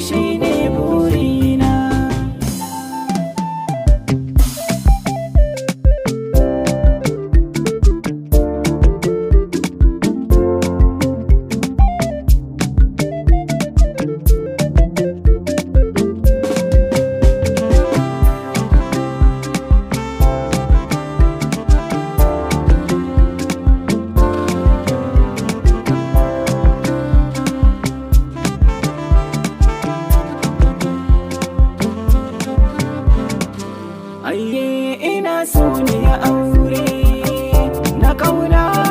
appreciate Aye ina so ne aure na kauna